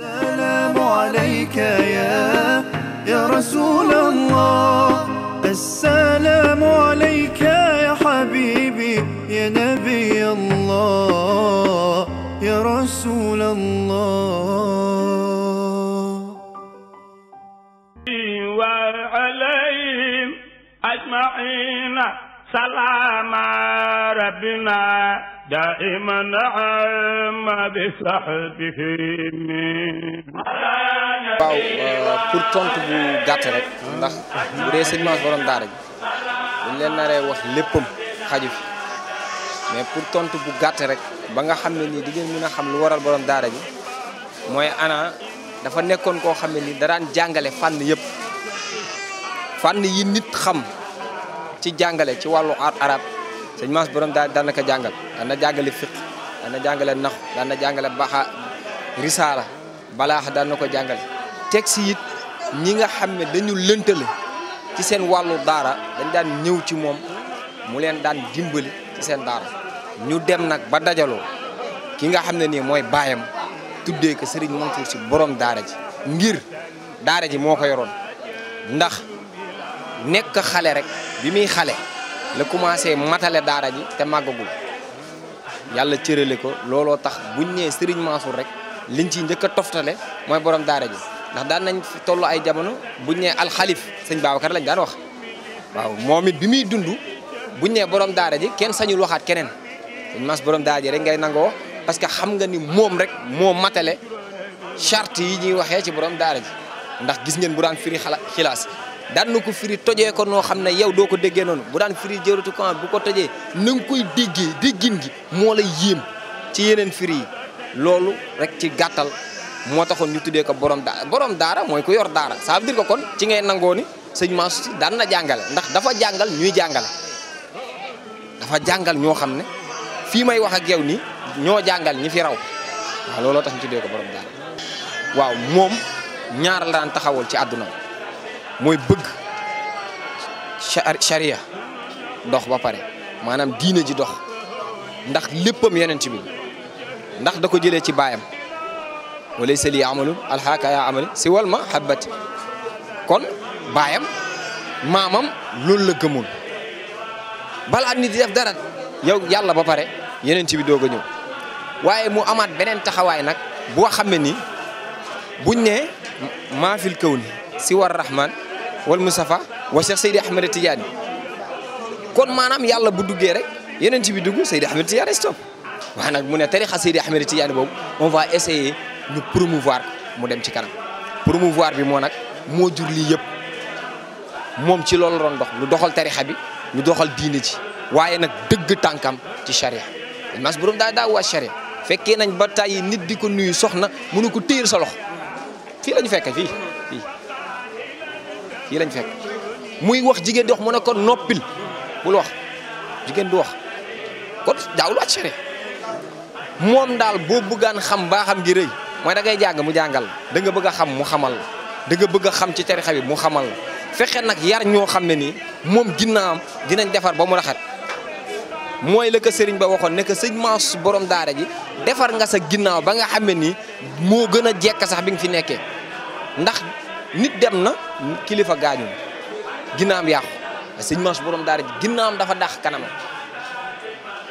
السلام عليك يا يا رسول الله السلام عليك يا حبيبي يا نبي الله يا رسول الله سلام ربنا دائما نعم بصحبه waaw euh, pour tontu bu gàtt rek ndax bu dee sëñ borom daara ji dañ leen naree wax léppam xaju mais pour tontu bu gàtt rek ba nga xam ne nii di ngeen mën a xam lu waral borom daara ji mooy ana dafa nekkoon koo xam ne nii daraan jàngale fànn yëpp fànn yi nit xam ci jàngale ci wàllu aat arab sëñ Mass Borom daa daan na ko jàngal dana na jàngale fiq daan na jàngale nax daan na baxa risaala balaax daan na ko jàngale teg yi it ñi nga xam ne dañu lëntale ci seen wàllu daara dañ daan ñëw ci moom mu leen daan dimbali ci seen daara ñu dem nag ba dajaloo ki nga xam ne nii mooy baayam tuddee ko sëriñ Mansour si borom daara ji ngir daara ji moo ko yoroon ndax nekk xale rek bi muy xale la commencé matale daara ji te màggagul yàlla cërale ko looloo tax buñ nee Serigne Mansour rek liñ ciy njëkk a toftale mooy borom daara ji ndax daal nañ toll ay jamono buñ nee alxalif sëñ Babacar lañ daan wax waaw moom it bi muy dund bu nee borom daara ji kenn sañul waxaat keneen sëñ Mansour borom daara ji rek ngay nangoo parce que xam nga ni moom rek moo matale charte yi ñuy waxee ci borom daara ji ndax gis ngeen bu daan firi xala xilaas daan na ko firi tojee ko noo xam ne yow doo ko déggee noonu bu daan firi jawratu kamal bu ko tojee na nga koy déggee déggin gi moo lay yéem ci yeneen firi yi loolu rek ci gàttal moo taxoon ñu tuddee ko borom daara daara mooy ku yor daara ça veut dire que kon ci ngay nangoo ni sëñ daan na jàngale ndax dafa jàngal ñuy jàngale dafa jàngal ñoo xam ne fii may wax ak yow nii ñoo jàngal ñi fi raw waaw looloo tax ñu tuddee ko borom daara waaw moom ñaar la daan taxawal ci àdduna moy bëgg sharia dox ba pare manam diine ji dox ndax léppam yonent bi ndax da ko jëlee ci bayam walay sa lii amalum alxaaka amali si wal ma xabbati kon bayam mamam lool la gëmoon balaa nit di def dara yow yàlla ba pare yeneen ci bi doga ñëw waye mu amaat benen taxaway nak bo xam ni buñ ne ma fil kawni si war rahman والمصطفى وشيخ سيدي احمد التياني كون مانام يالا بو دوغي رك يننتي بي دوغو سيدي احمد التياني ستوب وانا مو نتا ريخا سيدي احمد التياني بوب اون فا اسيي نو بروموفوار مو ديم سي كانام بروموفوار بي مو ناك مو جور لي ييب موم سي لول رون دوخ لو دوخال تاريخا بي لو دوخال دين جي وايي ناك الناس بروم دا دا وا شريعه فكي نان باتاي سخنا مونو كو تير سا لوخ في fii lañ fekk muy wax jigéen di wax mu ne ko noppil bul wax jigéen du wax kon daawul wàcc sere moom daal boo bëggaan xam baaxam gi rëy mooy da ngay jàng mu jàngal da nga bëgg a xam mu xamal la da bëgg a xam ci tarixa bi mu xamal la fexe nag yar ñoo xam ne nii moom ginnaam dinañ defar ba mu raxat mooy la sëriñ ba waxoon ne que sëñ Mansour borom daara ji defar nga sax ginnaaw ba nga xam nii moo gën a jekk sax bi nga fi nekkee ndax nit dem na kilifa gaañul ginnaam yàqu sëñ Manche borom daara ji ginnaam dafa dàq kanamam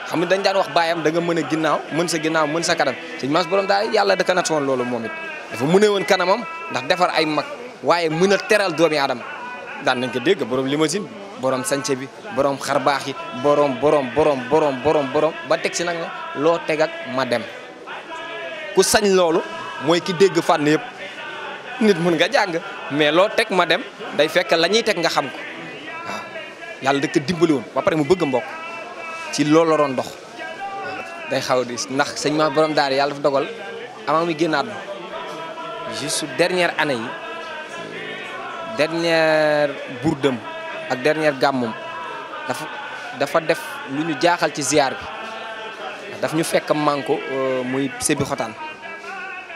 xam nga dañ daan wax baayam danga mën a ginnaaw mën sa ginnaaw mën sa kanam sëñ Manche borom daara yàlla da ko nattoon loolu moom it woon kanamam ndax defar ay mag waaye mën a teral doomi aadama daan nañ ko dégg borom limousine borom sañce bi borom xar baax yi borom borom borom borom borom borom ba teg si nag loo teg ma dem ku sañ loolu mooy ki dégg fànn yëpp. nit mën nga jang mais lo tek ma dem day fekk lañuy tek nga xam ko yalla dekk dimbali won ba pare mu bëgg mbokk ci loolu la ron dox day xaw di nax sëñ ma borom daal yalla fa dogal avant mi gennat juste dernière année yi dernière bourdeum ak dernière gamum dafa dafa def lu ñu jaaxal ci ziar bi daf ñu fekk manko euh, muy sebi xotan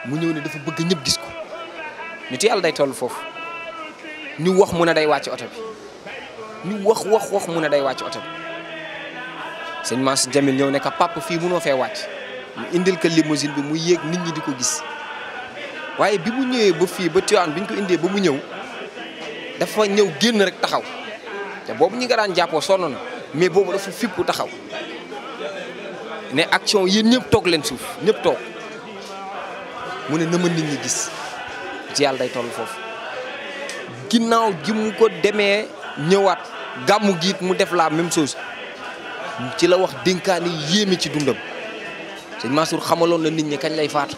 mu ñew ni dafa bëgg ñëpp gis ko nit yàlla day toll foofu ñu wax mu ne day wàcc oto bi ñu wax wax wax mu ne day wàcc oto bi sëñ Mass Jamil ñëw ne ka papa fii munoo fee wàcc mu indil ko limousine bi mu yéeg nit ñi di ko gis waaye bi mu ñëwee ba fii ba Tivaouane bi ñu ko indee ba mu ñëw dafa ñëw génn rek taxaw te boobu ñi nga daan jàppoo sonn na mais boobu dafa fippu taxaw ne action yéen ñëpp toog leen suuf ñëpp toog mu ne na ma nit ñi gis. ci yàlla day toll foofu ginnaaw gi mu ko demee ñëwaat gàmmu giit mu def la même chose ci la wax dénkaani yéeme ci dundam sëñ Mansour xamaloon na nit ñi kañ lay faatu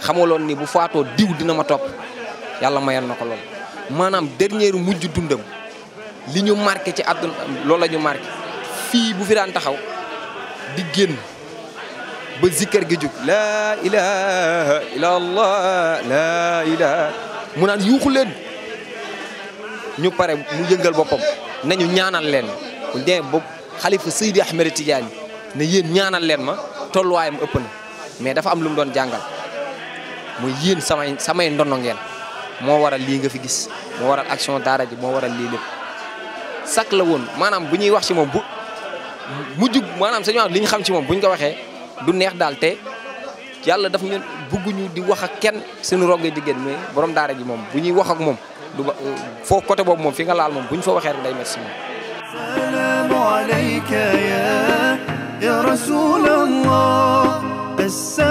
xamaloon ni bu faatoo diw dina ma topp yàlla mayan na ko lool maanaam dernier mujj dundam li ñu marqué ci àdduna loolu la ñu marqué fii bu fi daan taxaw di génn ba zikkar gi jug laa ilaha illa allah laa ilaha mu naan yuuxu ñu pare mu yëngal boppam nañu ñaanal leen bu dee ba xalifa Seydi Ahmed Tidiane ne yéen ñaanal leen ma tolluwaayam ëpp mais dafa am lu mu doon jàngal muy yéen samay samay ndono moo waral lii nga fi gis moo waral action daara ji moo waral lii lépp sak la woon maanaam bu ñuy wax ci moom bu mujj maanaam sañu li ñu xam ci moom bu ñu ko waxee du neex daal te yàlla daf ñu bugguñu di wax ak kenn suñu rongee di génn mais borom daara ji moom bu ñuy wax ak moom du ba foo côté boobu moom fi nga laal moom bu ñu fa waxee rek day merci moom. salaamu alayka ya rasulallah